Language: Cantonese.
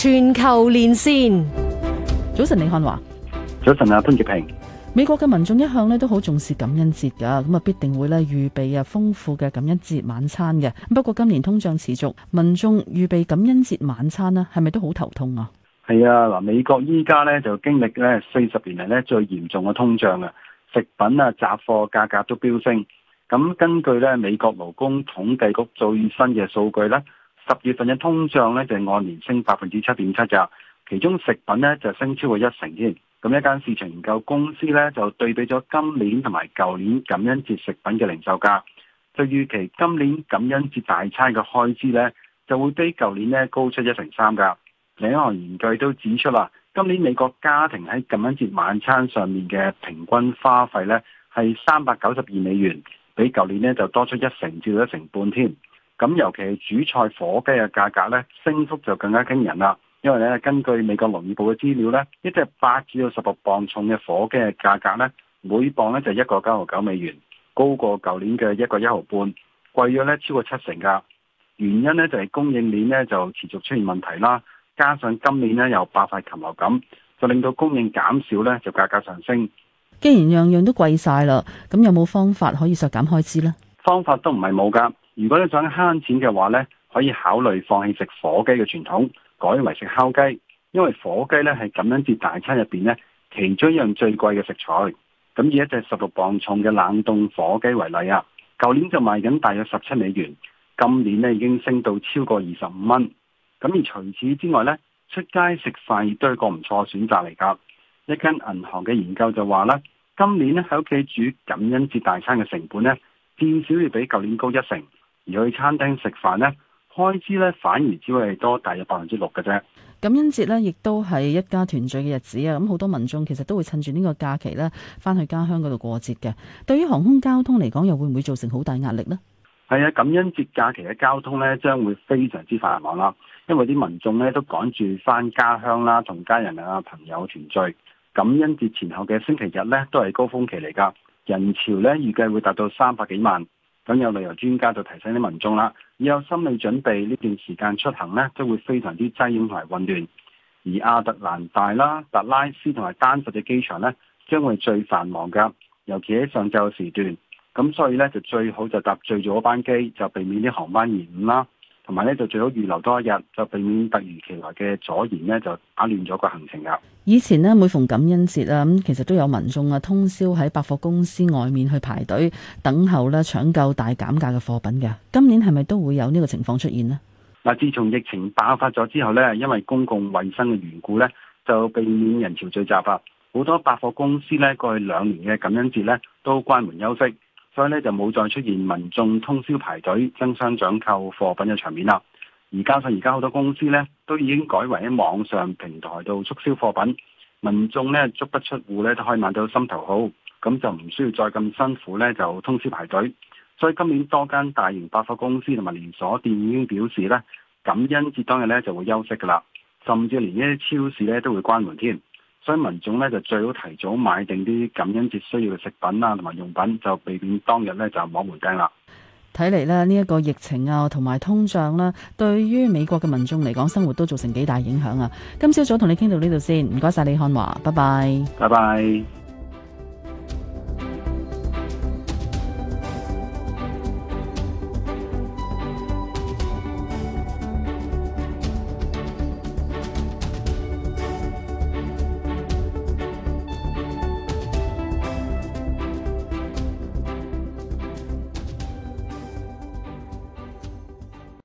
全球連線，早晨李漢華，早晨啊，潘潔平。美國嘅民眾一向咧都好重視感恩節噶，咁啊必定會咧預備啊豐富嘅感恩節晚餐嘅。不過今年通脹持續，民眾預備感恩節晚餐咧，係咪都好頭痛啊？係啊，嗱，美國依家咧就經歷咧四十年嚟，咧最嚴重嘅通脹啊，食品啊雜貨價格都飆升。咁根據咧美國勞工統計局最新嘅數據咧。十月份嘅通脹咧就按年升百分之七點七咋，其中食品咧就升超過一成添。咁一間市場研究公司咧就對比咗今年同埋舊年感恩節食品嘅零售價，就預期今年感恩節大餐嘅開支咧就會比舊年咧高出一成三噶。另一項研究都指出啦，今年美國家庭喺感恩節晚餐上面嘅平均花費咧係三百九十二美元，比舊年咧就多出一成至到一成半添。咁尤其係主菜火雞嘅價格咧，升幅就更加驚人啦。因為咧，根據美國農業部嘅資料咧，一隻八至到十六磅重嘅火雞嘅價格咧，每磅咧就一個九毫九美元，高過舊年嘅一個一毫半，貴咗咧超過七成噶。原因咧就係供應鏈咧就持續出現問題啦，加上今年咧有爆發禽流感，就令到供應減少咧，就價格上升。既然樣樣都貴晒啦，咁有冇方法可以削減開支咧？方法都唔係冇噶。如果你想慳錢嘅話呢，可以考慮放棄食火雞嘅傳統，改為食烤雞。因為火雞呢係感恩節大餐入邊呢其中一樣最貴嘅食材。咁以一隻十六磅重嘅冷凍火雞為例啊，舊年就賣緊大約十七美元，今年呢已經升到超過二十五蚊。咁而除此之外呢，出街食飯亦都係個唔錯選擇嚟㗎。一間銀行嘅研究就話呢，今年呢喺屋企煮感恩節大餐嘅成本呢，至少要比舊年高一成。而去餐廳食飯呢，開支呢反而只會係多大約百分之六嘅啫。感恩節呢，亦都係一家團聚嘅日子啊！咁、嗯、好多民眾其實都會趁住呢個假期呢翻去家鄉嗰度過節嘅。對於航空交通嚟講，又會唔會造成好大壓力呢？係啊，感恩節假期嘅交通呢將會非常之繁忙啦。因為啲民眾呢都趕住翻家鄉啦，同家人啊朋友團聚。感恩節前後嘅星期日呢，都係高峰期嚟㗎，人潮呢，預計會達到三百幾萬。咁有旅遊專家就提醒啲民眾啦，要有心理準備，呢段時間出行呢，都會非常之擠擁同埋混亂，而亞特蘭大啦、達拉斯同埋丹佛嘅機場呢，將會最繁忙嘅，尤其喺上晝時段。咁所以呢，就最好就搭最早班機，就避免啲航班延誤啦。同埋咧，就最好預留多一日，就避免突如其來嘅阻延呢就打亂咗個行程啊！以前呢，每逢感恩節啊，咁其實都有民眾啊，通宵喺百貨公司外面去排隊等候咧，搶購大減價嘅貨品嘅。今年係咪都會有呢個情況出現呢？嗱，自從疫情爆發咗之後呢，因為公共衞生嘅緣故呢，就避免人潮聚集啊！好多百貨公司呢，過去兩年嘅感恩節呢，都關門休息。所以咧就冇再出現民眾通宵排隊、爭相搶購貨品嘅場面啦。而加上而家好多公司咧都已經改為喺網上平台度促銷貨品，民眾咧足不出戶咧都可以買到心頭好，咁就唔需要再咁辛苦咧就通宵排隊。所以今年多間大型百貨公司同埋連鎖店已經表示咧感恩節當日咧就會休息㗎喇，甚至連一啲超市咧都會關門添。所以民眾咧就最好提早買定啲感恩節需要嘅食品啦，啊，同埋用品，就避免當日咧就摸門釘啦。睇嚟咧呢一、這個疫情啊，同埋通脹啦，啊，對於美國嘅民眾嚟講，生活都造成幾大影響啊。今朝早同你傾到呢度先，唔該晒李漢華，拜拜，拜拜。